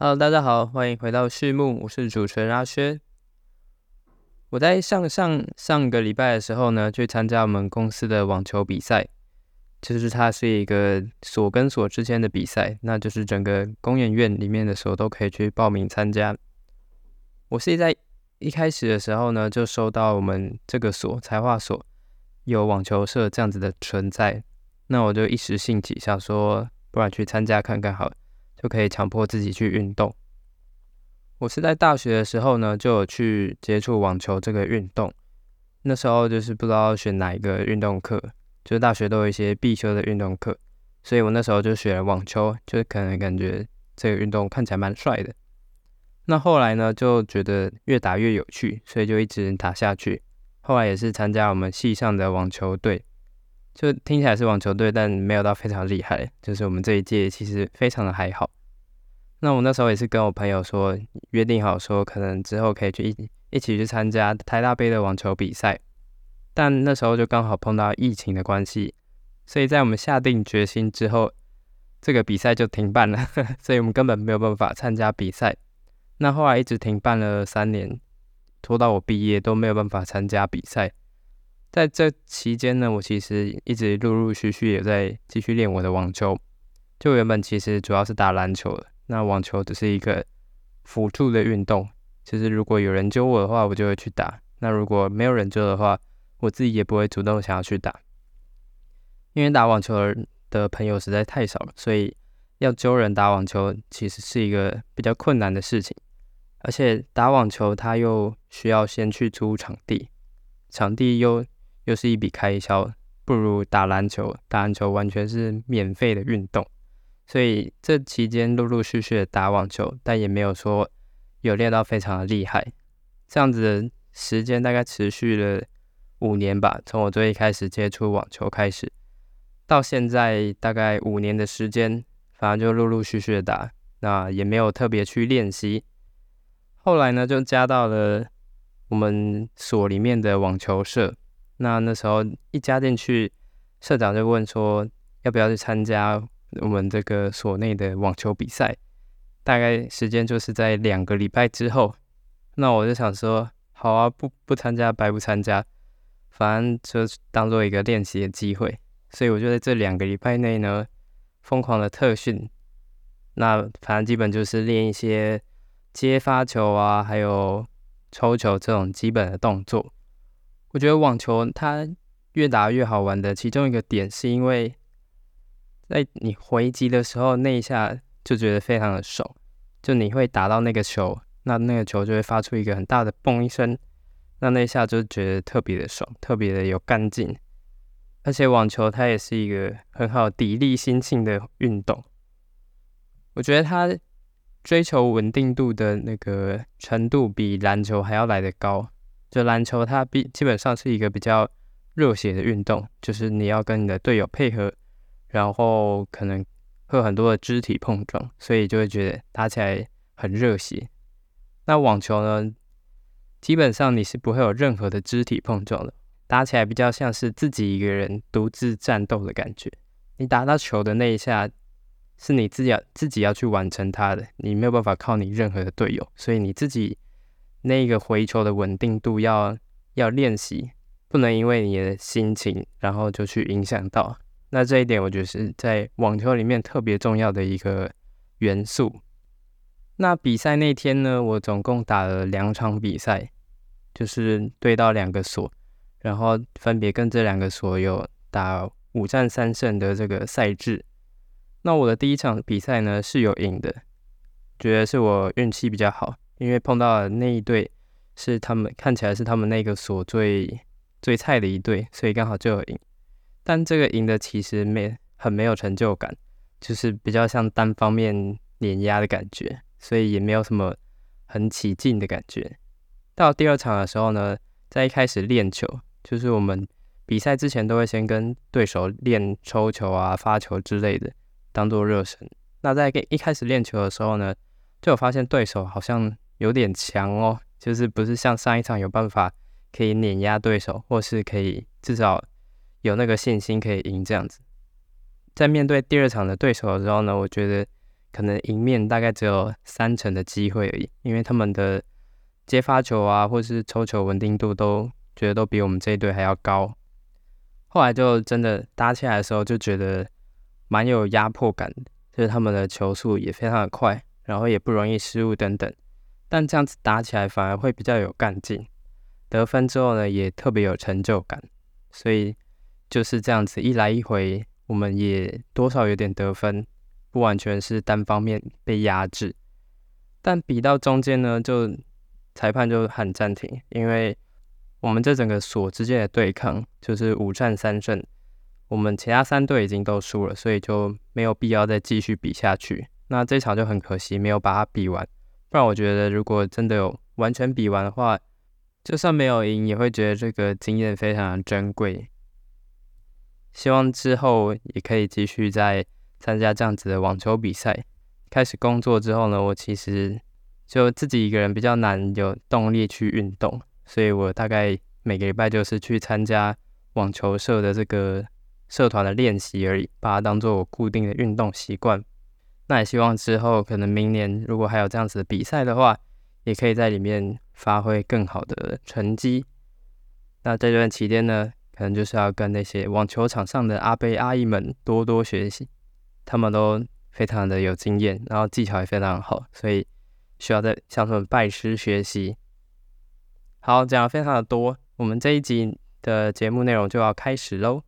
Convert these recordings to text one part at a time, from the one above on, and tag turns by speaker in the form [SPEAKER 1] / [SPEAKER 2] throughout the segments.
[SPEAKER 1] Hello，大家好，歡迎回到序幕。我是主持人阿軒。我在上上上個禮拜的時候呢，去參加我們公司的網球比賽。就是它是一個所跟所之間的比賽，那就是整個工研院裡面的所都可以去報名參加。我是在一開始的時候呢，就收到我們這個所，材化所，有網球社這樣子的存在，那我就一時興起，想說不然去參加看看好了。就可以強迫自己去運動。我是在大學的時候呢，就有去接觸網球這個運動。那時候就是不知道選哪一個運動課，就是大學都有一些必修的運動課，所以我那時候就選網球，就是可能感覺這個運動看起來蠻帥的。那後來呢，就覺得越打越有趣，所以就一直打下去。後來也是參加我們系上的網球隊。就聽起來是網球隊，但沒有到非常厲害。就是我們這一屆其實非常的還好。那我那時候也是跟我朋友說，約定好說，可能之後可以去一，一起去參加台大杯的網球比賽。但那時候就剛好碰到疫情的關係，所以在我們下定決心之後，這個比賽就停辦了，呵呵，所以我們根本沒有辦法參加比賽。那後來一直停辦了三年，拖到我畢業都沒有辦法參加比賽。在這期間呢，我其實一直陸陸續續也在繼續練我的網球。就原本其實主要是打籃球的，那網球只是一個輔助的運動。其實如果有人揪我的話，我就會去打；那如果沒有人揪的話，我自己也不會主動想要去打。因為打網球的朋友實在太少了，所以要揪人打網球其實是一個比較困難的事情。而且打網球他又需要先去租場地，場地又，又是一筆開銷，不如打籃球。打籃球完全是免費的運動，所以這期間陸陸續續的打網球，但也沒有說有練到非常的厲害。這樣子時間大概持續了五年吧，從我最一開始接觸網球開始，到現在大概五年的時間，反正就陸陸續續的打，那也沒有特別去練習。後來呢，就加到了我們所裡面的網球社。那那時候一加進去，社長就問說，要不要去參加我們這個所內的網球比賽？大概時間就是在兩個禮拜之後。那我就想說，好啊，不不參加，白不參加，反正就當作一個練習的機會。所以我就在這兩個禮拜內呢，瘋狂的特訓。那反正基本就是練一些接發球啊，還有抽球這種基本的動作。我覺得網球它越打越好玩的其中一個點是因為，在你回擊的時候，那一下就覺得非常的爽，就你會打到那個球，那那個球就會發出一個很大的“嘣”一聲，那那一下就覺得特別的爽，特別的有幹勁。而且網球它也是一個很好砥礪心性的運動，我覺得它追求穩定度的那個程度比籃球還要來得高。就籃球，它比基本上是一個比較熱血的運動，就是你要跟你的隊友配合，然後可能會有很多的肢體碰撞，所以就會覺得打起來很熱血。那網球呢，基本上你是不會有任何的肢體碰撞的，打起來比較像是自己一個人獨自戰鬥的感覺。你打到球的那一下，是你自己要自己要去完成它的，你沒有辦法靠你任何的隊友，所以你自己。那一個回球的穩定度要要練習，不能因為你的心情，然後就去影響到。那這一點我覺得是在網球裡面特別重要的一個元素。那比賽那天呢，我總共打了兩場比賽，就是對到兩個所，然後分別跟這兩個所有打五戰三勝的這個賽制。那我的第一場比賽呢，是有贏的，覺得是我運氣比較好。因為碰到了那一隊是他們看起來是他們那個所最最菜的一隊，所以剛好就有贏。但這個贏的其實沒很沒有成就感，就是比較像單方面碾壓的感覺，所以也沒有什麼很起勁的感覺。到第二場的時候呢，在一開始練球，就是我們比賽之前都會先跟對手練抽球啊、發球之類的，當做熱身。那在一開始練球的時候呢，就有發現對手好像。有點強哦，就是不是像上一場有辦法可以碾壓對手，或是可以至少有那個信心可以贏這樣子。在面對第二場的對手的時候呢，我覺得可能贏面大概只有三成的機會而已，因為他們的接發球啊，或是抽球穩定度，都覺得都比我們這一隊還要高。後來就真的搭起來的時候，就覺得蠻有壓迫感，就是他們的球速也非常的快，然後也不容易失誤等等。但這樣子打起來反而會比較有幹勁，得分之後呢也特別有成就感，所以就是這樣子一來一回，我們也多少有點得分，不完全是單方面被壓制。但比到中間呢，就裁判就喊暫停，因為我們這整個所之間的對抗就是五戰三勝，我們其他三隊已經都輸了，所以就沒有必要再繼續比下去。那這場就很可惜，沒有把它比完。不然我覺得，如果真的有完全比完的話，就算沒有贏，也會覺得這個經驗非常的珍貴。希望之後也可以繼續再參加這樣子的網球比賽。開始工作之後呢，我其實就自己一個人比較難有動力去運動，所以我大概每個禮拜就是去參加網球社的這個社團的練習而已，把它當做我固定的運動習慣。那也希望之後可能明年如果還有這樣子的比賽的話，也可以在裡面發揮更好的成績。那這段期間呢，可能就是要跟那些網球場上的阿伯阿姨們多多學習，他們都非常的有經驗，然後技巧也非常好，所以需要再向他們拜師學習。好，講了非常的多，我們這一集的節目內容就要開始嘍。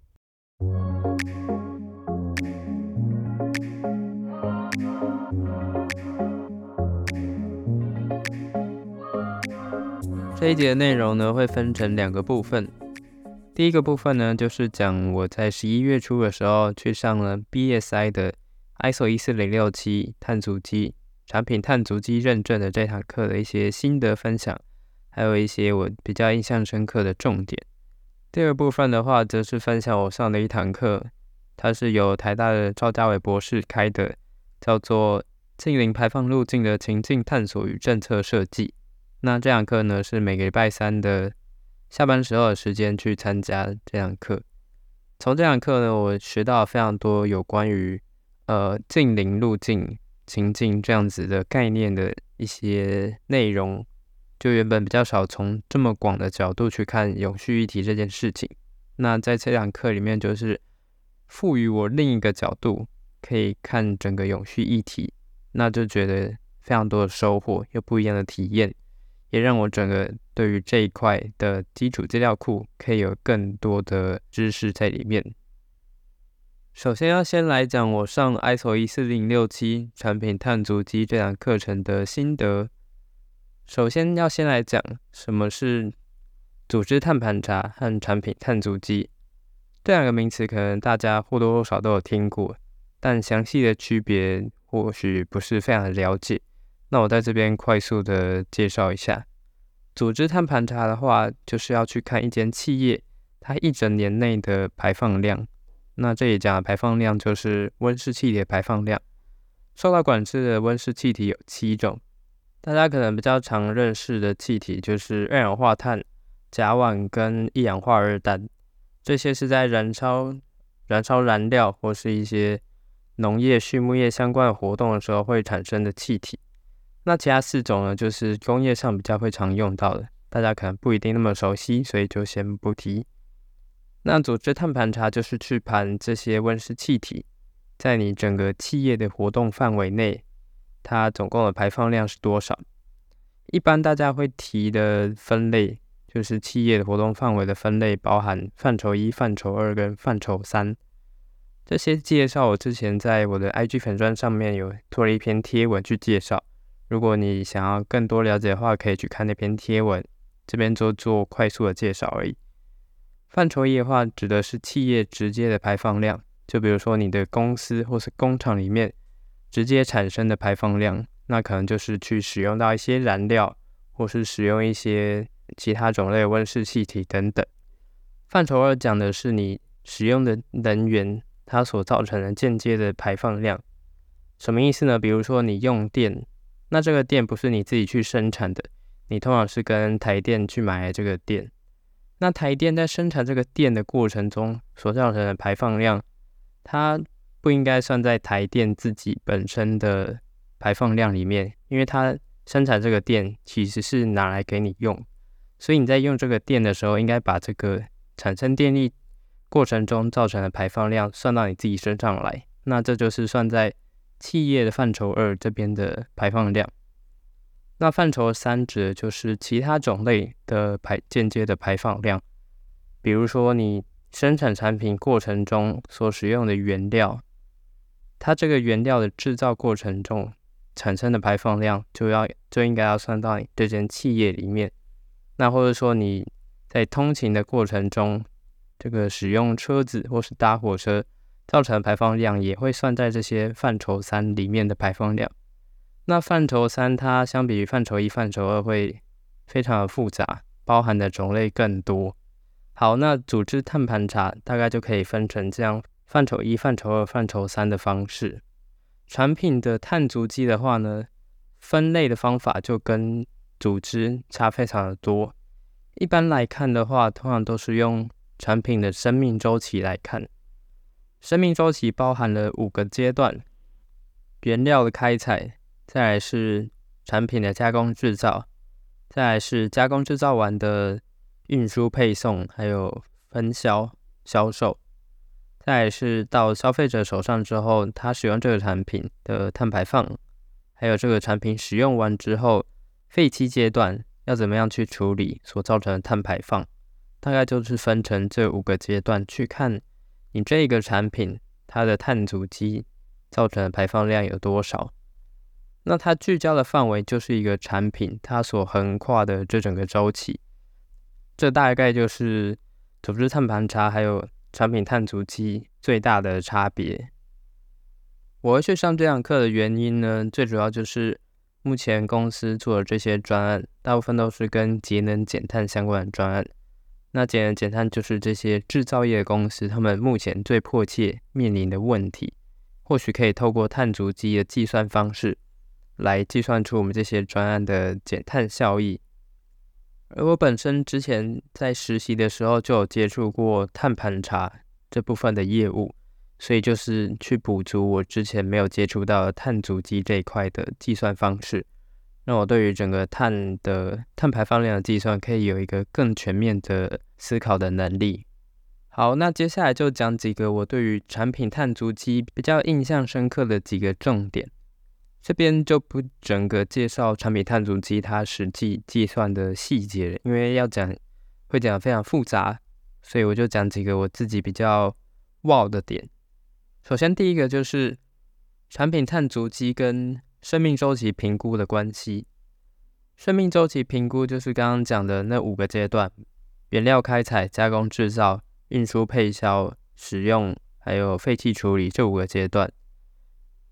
[SPEAKER 1] 這一節的內容呢，會分成兩個部分。第一個部分呢，就是講我在十一月初的時候去上了 BSI 的 ISO 一四零六七碳足跡產品碳足跡認證的這堂課的一些心得分享，還有一些我比較印象深刻的重點。第二部分的話，則是分享我上的一堂課，它是由台大的趙家偉博士開的，叫做“淨零排放路徑的情境探索與政策設計”。那這堂課呢，是每個禮拜三的下班時候的時間去參加這堂課。從這堂課呢，我學到非常多有關於呃淨零路徑、情境這樣子的概念的一些內容。就原本比較少從這麼廣的角度去看永續議題這件事情。那在這堂課裡面，就是賦予我另一個角度可以看整個永續議題，那就覺得非常多的收穫，又不一樣的體驗。也讓我整個對於這一塊的基礎資料庫可以有更多的知識在裡面。首先要先來講我上 ISO 一四零六七產品碳足跡這堂課程的心得。首先要先來講什麼是組織碳盤查和產品碳足跡這兩個名詞，可能大家或多或少都有聽過，但詳細的區別或許不是非常的了解。那我在這邊快速的介紹一下，組織碳盤查的話，就是要去看一間企業它一整年內的排放量。那這裡講的排放量就是溫室氣體的排放量。受到管制的溫室氣體有七種，大家可能比較常認識的氣體就是二氧化碳、甲烷跟一氧化二氮，這些是在燃燒、燃燒燃料或是一些農業、畜牧業相關的活動的時候會產生的氣體。那其他四種呢，就是工業上比較會常用到的，大家可能不一定那麼熟悉，所以就先不提。那組織碳盤查就是去盤這些溫室氣體，在你整個企業的活動範圍內，它總共的排放量是多少？一般大家會提的分類就是企業的活動範圍的分類，包含範疇一、範疇二跟範疇三。這些介紹我之前在我的 IG 粉專上面有做了一篇貼文去介紹。如果你想要更多了解的話，可以去看那篇貼文。這邊就做快速的介紹而已。範疇一的話，指的是企業直接的排放量，就比如說你的公司或是工廠裡面直接產生的排放量，那可能就是去使用到一些燃料，或是使用一些其他種類溫室氣體等等。範疇二講的是你使用的能源它所造成的間接的排放量。什麼意思呢？比如說你用電。那這個電不是你自己去生產的，你通常是跟台電去買這個電。那台電在生產這個電的過程中所造成的排放量，它不應該算在台電自己本身的排放量裡面，因為它生產這個電其實是拿來給你用，所以你在用這個電的時候，應該把這個產生電力過程中造成的排放量算到你自己身上來。那這就是算在。企業的範疇二這邊的排放量，那範疇三指的就是其他種類的排，間接的排放量，比如說你生產產品過程中所使用的原料，它這個原料的製造過程中產生的排放量就要就應該要算到你這間企業裡面，那或者說你在通勤的過程中，這個使用車子或是搭火車。造成排放量也會算在這些範疇三裡面的排放量。那範疇三它相比於範疇一、範疇二會非常的複雜，包含的種類更多。好，那組織碳盤查大概就可以分成這樣，範疇一、範疇二、範疇三的方式。產品的碳足跡的話呢，分類的方法就跟組織差非常的多。一般來看的話，通常都是用產品的生命週期來看。生命周期包含了五個階段：原料的開採，再來是產品的加工製造，再來是加工製造完的運輸配送，還有分銷銷售，再來是到消費者手上之後，他使用這個產品的碳排放，還有這個產品使用完之後廢棄階段要怎麼樣去處理所造成的碳排放，大概就是分成這五個階段去看。你這一個產品，它的碳足跡造成的排放量有多少？那它聚焦的範圍就是一個產品，它所橫跨的這整個周期。這大概就是組織碳盤查還有產品碳足跡最大的差別。我會去上這堂課的原因呢，最主要就是目前公司做的這些專案，大部分都是跟節能減碳相關的專案。那減碳、減碳就是這些製造業公司他們目前最迫切面臨的問題，或許可以透過碳足跡的計算方式來計算出我們這些專案的減碳效益。而我本身之前在實習的時候就有接觸過碳盤查這部分的業務，所以就是去補足我之前沒有接觸到碳足跡這一塊的計算方式，讓我對於整個碳的碳排放量的計算可以有一個更全面的思考的能力。好，那接下來就講幾個我對於產品碳足跡比較印象深刻的幾個重點。這邊就不整個介紹產品碳足跡它實際計算的細節了，因為要講會講非常複雜，所以我就講幾個我自己比較哇、wow、的點。首先第一個就是產品碳足跡跟生命週期評估的關係，生命週期評估就是剛剛講的那五個階段：原料開採、加工製造、運輸、配銷、使用，還有廢棄處理這五個階段。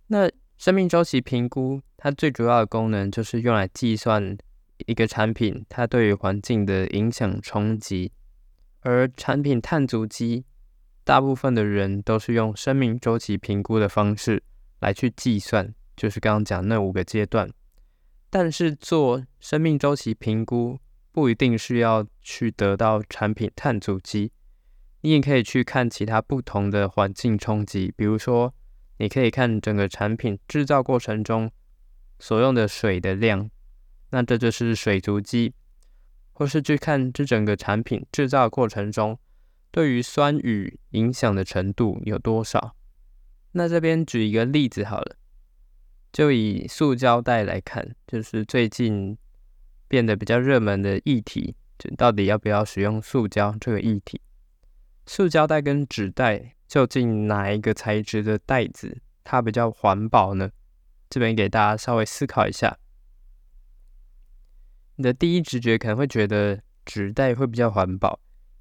[SPEAKER 1] 那生命週期評估它最主要的功能就是用來計算一個產品它對於環境的影響衝擊，而產品碳足跡，大部分的人都是用生命週期評估的方式來去計算。就是剛剛講那五個階段，但是做生命周期評估不一定是要去得到產品碳足跡，你也可以去看其他不同的環境衝擊，比如說你可以看整個產品製造過程中所用的水的量，那這就是水足跡，或是去看這整個產品製造過程中對於酸雨影響的程度有多少。那這邊舉一個例子好了。就以塑膠袋來看，就是最近變得比較熱門的議題，就到底要不要使用塑膠這個議題？塑膠袋跟紙袋究竟哪一個材質的袋子它比較環保呢？這邊給大家稍微思考一下，你的第一直覺可能會覺得紙袋會比較環保，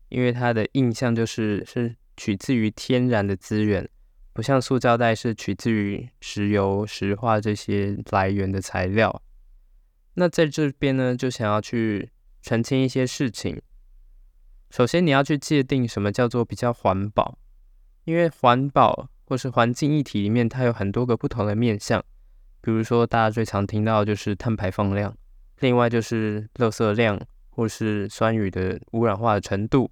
[SPEAKER 1] 因為它的印象就是是取自於天然的資源。不像塑膠袋是取自於石油、石化這些來源的材料，那在這邊呢，就想要去澄清一些事情。首先，你要去界定什麼叫做比較環保，因為環保或是環境議題裡面，它有很多個不同的面向。比如說，大家最常聽到就是碳排放量，另外就是垃圾量，或是酸雨的污染化的程度。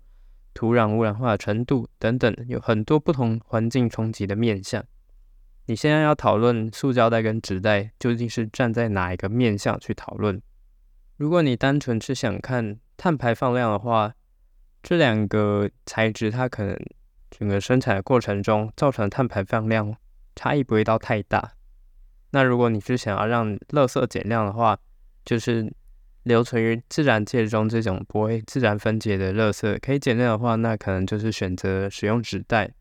[SPEAKER 1] 土壤污染化的程度等等，有很多不同環境衝擊的面向。你現在要討論塑膠袋跟紙袋，究竟是站在哪一個面向去討論？如果你單純是想看碳排放量的話，這兩個材質它可能整個生產的過程中造成的碳排放量差異不會到太大。那如果你是想要讓垃圾減量的話，就是留存於自然界中這種不會自然分解的垃圾，可以減量的話，那可能就是選擇使用紙袋。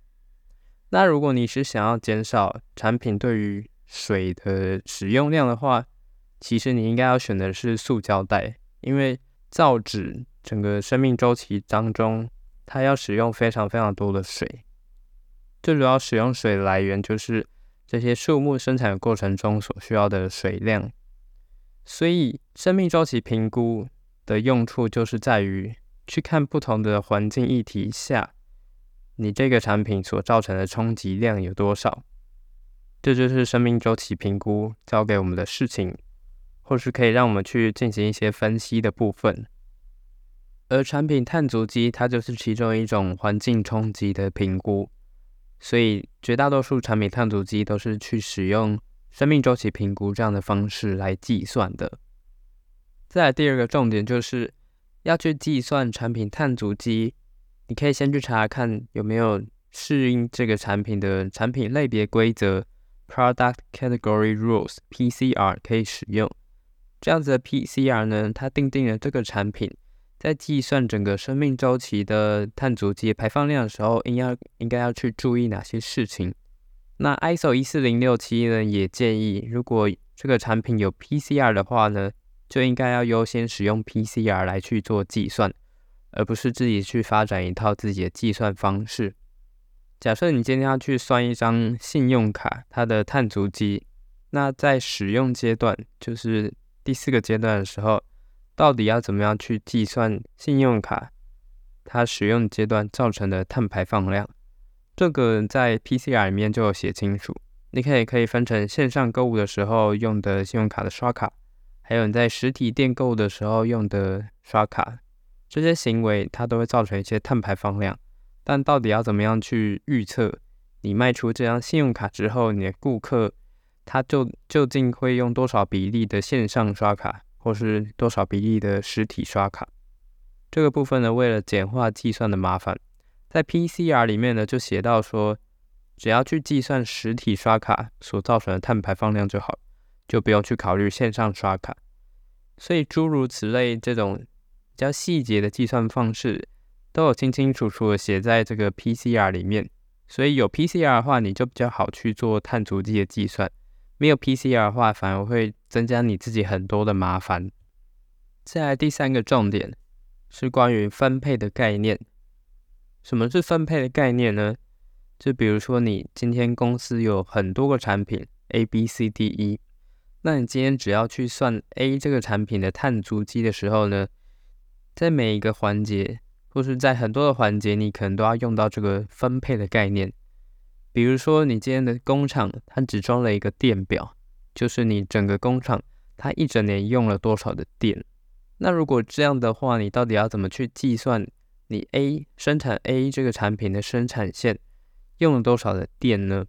[SPEAKER 1] 那如果你是想要減少產品對於水的使用量的話，其實你應該要選的是塑膠袋，因為造紙整個生命週期當中，它要使用非常非常多的水。最主要使用水來源就是這些樹木生產過程中所需要的水量。所以生命週期評估的用處就是在於去看不同的環境議題下，你這個產品所造成的衝擊量有多少？這就是生命週期評估教給我們的事情，或是可以讓我們去進行一些分析的部分。而產品碳足跡它就是其中一種環境衝擊的評估，所以絕大多數產品碳足跡都是去使用生命週期評估這樣的方式來計算的。再來第二個重點就是要去計算產品碳足跡，你可以先去查看有沒有適應這個產品的產品類別規則 （Product Category Rules，PCR） 可以使用。這樣子的 PCR 呢，它訂定了這個產品在計算整個生命週期的碳足跡排放量的時候，應該要應該要去注意哪些事情。那 ISO 一四零六七呢，也建議，如果這個產品有 PCR 的話呢，就應該要優先使用 PCR 來去做計算，而不是自己去發展一套自己的計算方式。假設你今天要去算一張信用卡它的碳足跡，那在使用階段，就是第四個階段的時候，到底要怎麼樣去計算信用卡它使用階段造成的碳排放量？這個在 PCR 裡面就有寫清楚，你可以可以分成線上購物的時候用的信用卡的刷卡，還有你在實體店購物的時候用的刷卡，這些行為它都會造成一些碳排放量。但到底要怎麼樣去預測你賣出這張信用卡之後，你的顧客他就究竟會用多少比例的線上刷卡，或是多少比例的實體刷卡？這個部分呢，為了簡化計算的麻煩。在 PCR 裡面呢，就寫到說，只要去計算實體刷卡所造成的碳排放量就好，就不用去考慮線上刷卡。所以諸如此類這種比較細節的計算方式，都有清清楚楚的寫在這個 PCR 裡面。所以有 PCR 的話，你就比較好去做碳足跡的計算；沒有 PCR 的話，反而會增加你自己很多的麻煩。再來第三個重點是關於分配的概念。什麼是分配的概念呢？就比如說，你今天公司有很多個產品 A、B、C、D、E，那你今天只要去算 A 這個產品的碳足跡的時候呢，在每一個環節或是在很多的環節，你可能都要用到這個分配的概念。比如說，你今天的工廠它只裝了一個電表，就是你整個工廠它一整年用了多少的電。那如果這樣的話，你到底要怎麼去計算？你 A 生產 A 這個產品的生產線用了多少的電呢？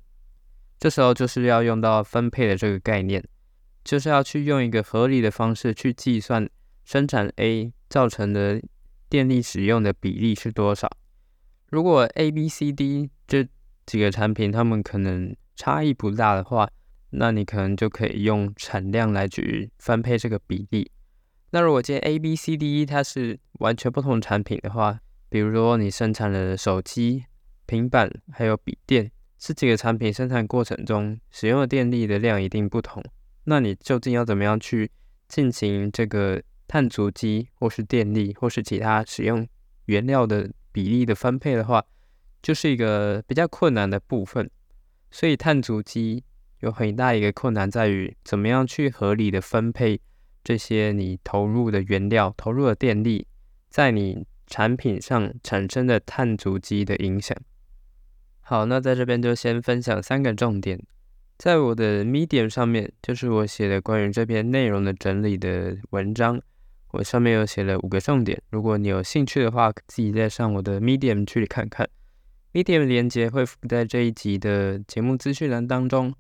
[SPEAKER 1] 這時候就是要用到分配的這個概念，就是要去用一個合理的方式去計算生產 A 造成的電力使用的比例是多少。如果 A、B、C、D 這幾個產品它們可能差異不大的話，那你可能就可以用產量來去分配這個比例。那如果見 A、B、C、D、E 它是完全不同產品的話，比如說，你生產了手機、平板還有筆電，這幾個產品生產過程中使用的電力的量一定不同。那你究竟要怎麼樣去進行這個碳足跡，或是電力，或是其他使用原料的比例的分配的話，就是一個比較困難的部分。所以，碳足跡有很大一個困難在於，怎麼樣去合理的分配這些你投入的原料、投入的電力，在你。產品上產生的碳足跡的影響。好，那在這邊就先分享三個重點。在我的 Medium 上面，就是我寫的關於這篇內容的整理的文章，我上面有寫了五個重點。如果你有興趣的話，自己再上我的 Medium 去看看。Medium 連結會附在這一集的節目資訊欄當中。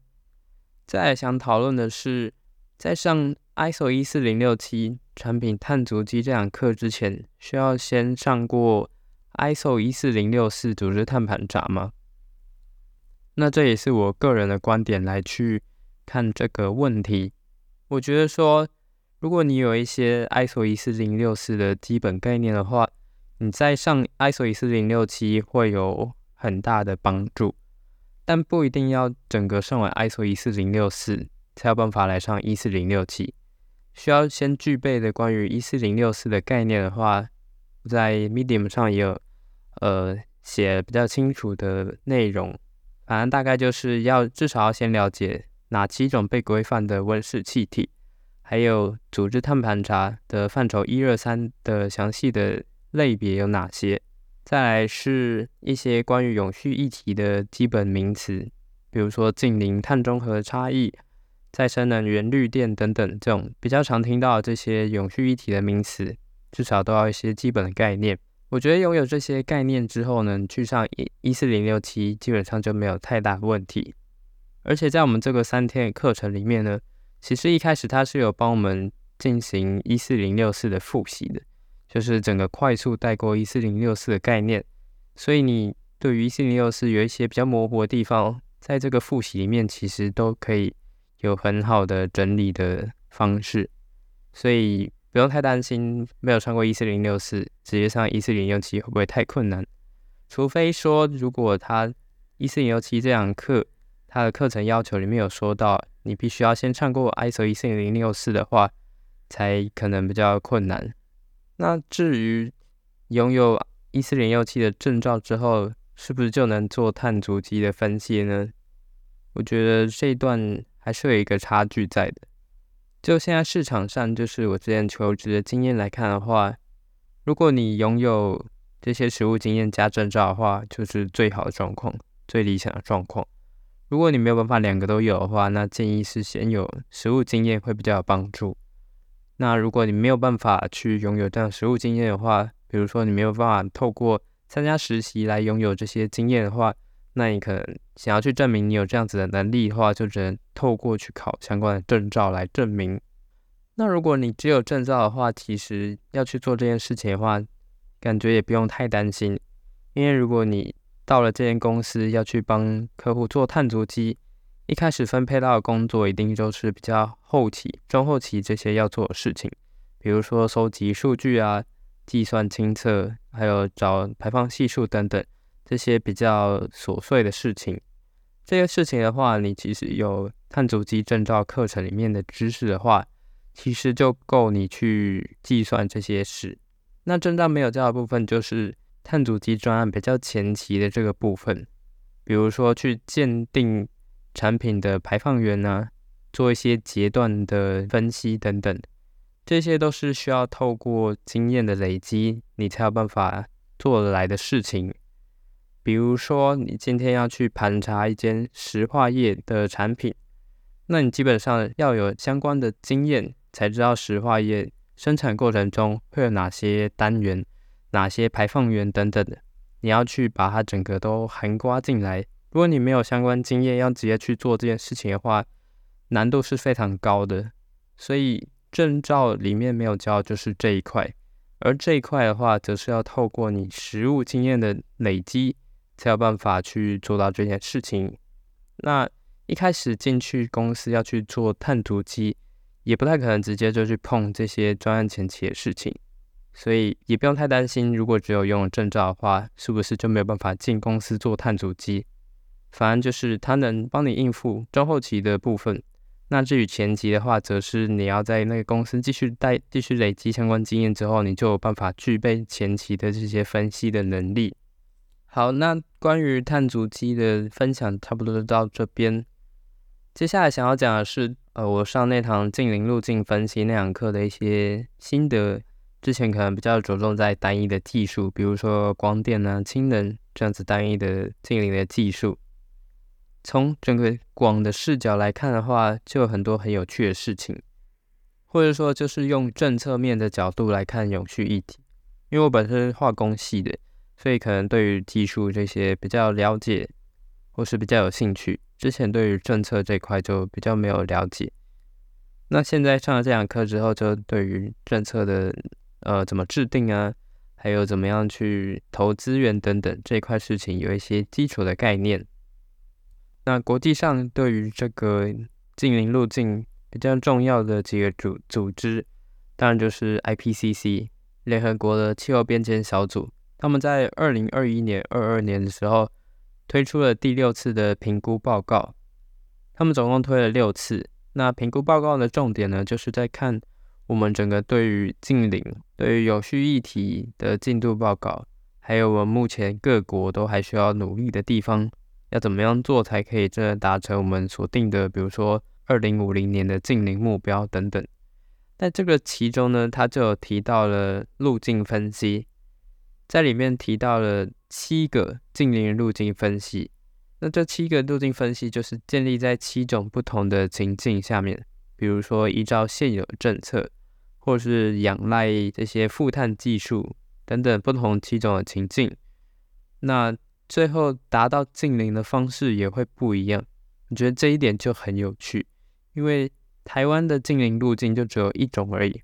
[SPEAKER 1] 再想討論的是。在上 ISO 一四零六七產品碳足跡這堂課之前，需要先上過 ISO 一四零六四組織碳盤查嗎？那這也是我個人的觀點來去看這個問題。我覺得說，如果你有一些 ISO 一四零六四的基本概念的話，你再上 ISO 一四零六七會有很大的幫助，但不一定要整個上完 ISO 一四零六四。才有辦法來上一四零六七。需要先具備的關於一四零六四的概念，的話，在 Medium 上也有呃寫比較清楚的內容。反正大概就是要至少要先了解哪七種被規範的溫室氣體，還有組織碳盤查的範疇一、二、三的詳細的類別有哪些。再來是一些關於永續議題的基本名詞，比如說淨零、碳中和、差異。再生能源、綠電等等，這種比較常聽到的這些永續議題的名詞，至少都要一些基本的概念。我覺得擁有這些概念之後呢，去上一、一四零六七基本上就沒有太大問題。而且在我們這個三天的課程裡面呢，其實一開始它是有幫我們進行一四零六四的複習的，就是整個快速帶過一四零六四的概念。所以你對於一四零六四有一些比較模糊的地方，在這個複習裡面其實都可以，有很好的整理的方式，所以不用太擔心沒有上過一四零六四，直接上一四零六七會不會太困難？除非說，如果他一四零六七這堂課他的課程要求裡面有說到，你必須要先上過 ISO 一四零六四的話，才可能比較困難。那至於擁有一四零六七的證照之後，是不是就能做碳足跡的分析呢？我覺得這段。還是有一個差距在的。就現在市場上，就是我之前求職的經驗來看的話，如果你擁有這些實務經驗加證照的話，就是最好的狀況，最理想的狀況。如果你沒有辦法兩個都有的話，那建議是先有實務經驗會比較有幫助。那如果你沒有辦法去擁有這樣實務經驗的話，比如說你沒有辦法透過參加實習來擁有這些經驗的話，那你可能想要去證明你有這樣子的能力的話，就只能透過去考相關的證照來證明。那如果你只有證照的話，其實要去做這件事情的話，感覺也不用太擔心，因為如果你到了這間公司要去幫客戶做碳足迹，一開始分配到的工作一定就是比較後期、中後期這些要做的事情，比如說收集數據啊、計算清冊，還有找排放係數等等。這些比較瑣碎的事情，這些、個、事情的話，你其實有碳足跡證照課程裡面的知識的話，其實就夠你去計算這些事。那證照沒有教的部分，就是碳足跡專案比較前期的這個部分，比如說去鑑定產品的排放源啊，做一些階段的分析等等，這些都是需要透過經驗的累積，你才有辦法做來的事情。比如說，你今天要去盤查一間石化業的產品，那你基本上要有相關的經驗，才知道石化業生產過程中會有哪些單元、哪些排放源等等的。你要去把它整個都涵蓋進來。如果你沒有相關經驗，要直接去做這件事情的話，難度是非常高的。所以證照裡面沒有教，就是這一塊。而這一塊的話，則是要透過你實務經驗的累積。才有辦法去做到這件事情。那一開始進去公司要去做碳足跡，也不太可能直接就去碰這些專案前期的事情，所以也不用太擔心。如果只有擁有證照的話，是不是就沒有辦法進公司做碳足跡？反而就是他能幫你應付中後期的部分。那至於前期的話，則是你要在那個公司繼續待、繼續累積相關經驗之後，你就有辦法具備前期的這些分析的能力。好，那關於碳足跡的分享差不多就到這邊。接下來想要講的是，呃，我上那堂近鄰路徑分析那堂課的一些心得。之前可能比較着重在單一的技術，比如說光電啊、氫能這樣子單一的近鄰的技術。從整個廣的視角來看的話，就有很多很有趣的事情，或者說就是用政策面的角度來看有趣議題。因為我本身化工系的。所以可能對於技術這些比較了解，或是比較有興趣。之前對於政策這塊就比較沒有了解。那現在上了這堂課之後，就對於政策的呃怎麼制定啊，還有怎麼樣去投資源等等這塊事情，有一些基礎的概念。那國際上對於這個淨零路徑比較重要的幾個組組織，當然就是 IPCC 聯合國的氣候變遷小組。他們在二零二一年、二二年的時候推出了第六次的評估報告。他們總共推了六次。那評估報告的重點呢，就是在看我們整個對於淨零、對於永續議題的進度報告，還有我們目前各國都還需要努力的地方，要怎麼樣做才可以真正達成我們所定的，比如說二零五零年的淨零目標等等。在這個其中呢，他就有提到了路徑分析。在裡面提到了七個淨零路徑分析，那這七個路徑分析就是建立在七種不同的情境下面，比如說依照現有政策，或是仰賴這些負碳技術等等不同七種的情境，那最後達到淨零的方式也會不一樣。我覺得這一點就很有趣，因為台灣的淨零路徑就只有一種而已。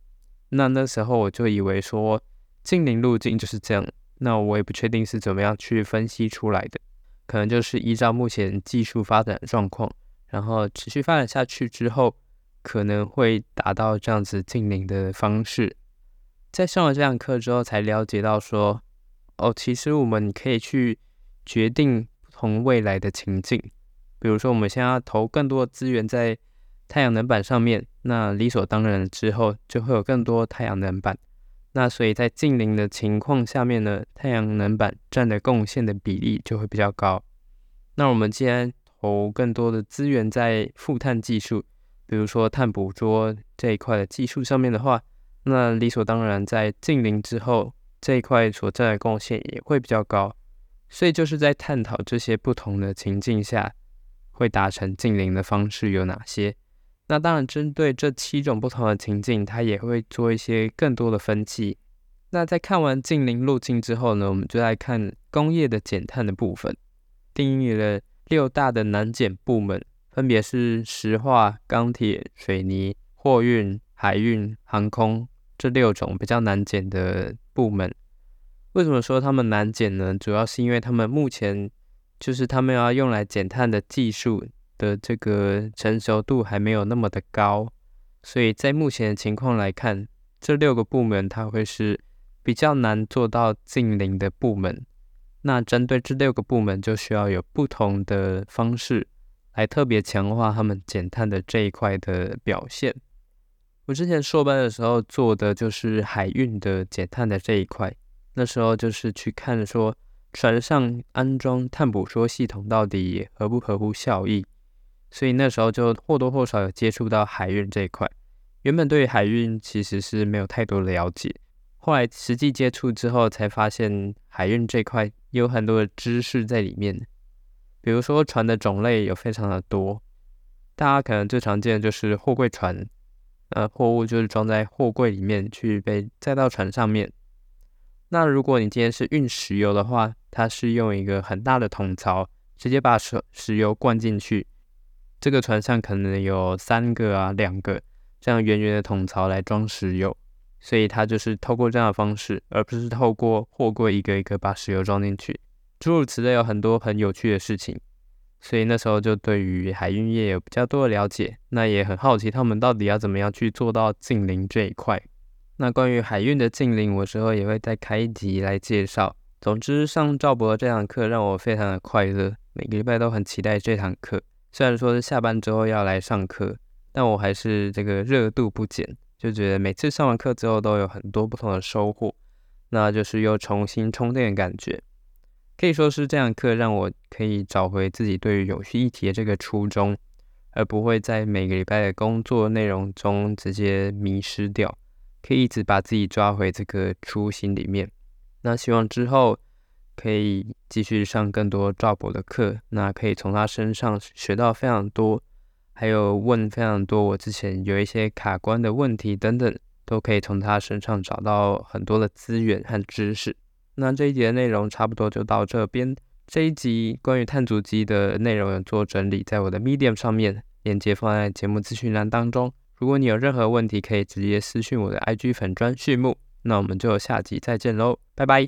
[SPEAKER 1] 那那時候我就以為說，淨零路徑就是這樣，那我也不確定是怎麼樣去分析出來的，可能就是依照目前技術發展的狀況，然後持續發展下去之後，可能會達到這樣子淨零的方式。在上了這堂課之後，才了解到說，哦，其實我們可以去決定不同未來的情境，比如說我們現在要投更多資源在太陽能板上面，那理所當然之後就會有更多太陽能板。那所以在淨零的情況下面呢，太陽能板佔的貢獻的比例就會比較高。那我們既然投更多的資源在負碳技術，比如說碳捕捉這一塊的技術上面的話，那理所當然在淨零之後這一塊所佔的貢獻也會比較高。所以就是在探討這些不同的情境下，會達成淨零的方式有哪些。那當然，針對這七種不同的情境，它也會做一些更多的分析。那在看完淨零路徑之後呢，我們就來看工業的減碳的部分，定義了六大的難減部門，分別是石化、鋼鐵、水泥、貨運、海運、航空這六種比較難減的部門。為什麼說它們難減呢？主要是因為它們目前就是它們要用來減碳的技術。的這個成熟度還沒有那麼的高，所以在目前的情況來看，這六個部門它會是比較難做到淨零的部門。那針對這六個部門，就需要有不同的方式來特別強化他們減碳的這一塊的表現。我之前碩班的時候做的就是海運的減碳的這一塊，那時候就是去看說船上安裝碳捕捉系統到底合不合乎效益。所以那時候就或多或少有接觸到海運這一塊。原本對於海運其實是沒有太多的了解，後來實際接觸之後才發現海運這一塊有很多的知識在裡面。比如說船的種類有非常的多，大家可能最常見的就是貨櫃船，呃，貨物就是裝在貨櫃裡面去被載到船上面。那如果你今天是運石油的話，它是用一個很大的桶槽，直接把石石油灌進去。這個船上可能有三個啊，兩個這樣圓圓的桶槽來裝石油，所以它就是透過這樣的方式，而不是透過貨櫃一個一個把石油裝進去。諸如此類有很多很有趣的事情，所以那時候就對於海運業有比較多的了解，那也很好奇他們到底要怎麼樣去做到淨零這一塊。那關於海運的淨零，我之後也會再開一集來介紹。總之，上趙博這堂課讓我非常的快樂，每個禮拜都很期待這堂課。雖然說是下班之後要來上課，但我還是這個熱度不減，就覺得每次上完課之後都有很多不同的收穫，那就是又重新充電的感覺。可以說是這樣的課讓我可以找回自己對於有趣議題的這個初衷，而不會在每個禮拜的工作內容中直接迷失掉，可以一直把自己抓回這個初心裡面。那希望之後。可以繼續上更多趙博的課，那可以從他身上學到非常多，還有問非常多我之前有一些卡關的問題等等，都可以從他身上找到很多的資源和知識。那這一節的內容差不多就到這邊，這一集關於碳足跡的內容有做整理，在我的 Medium 上面，鏈接放在節目資訊欄當中。如果你有任何問題，可以直接私訊我的 IG 粉專序幕。那我們就下集再見嘍，拜拜。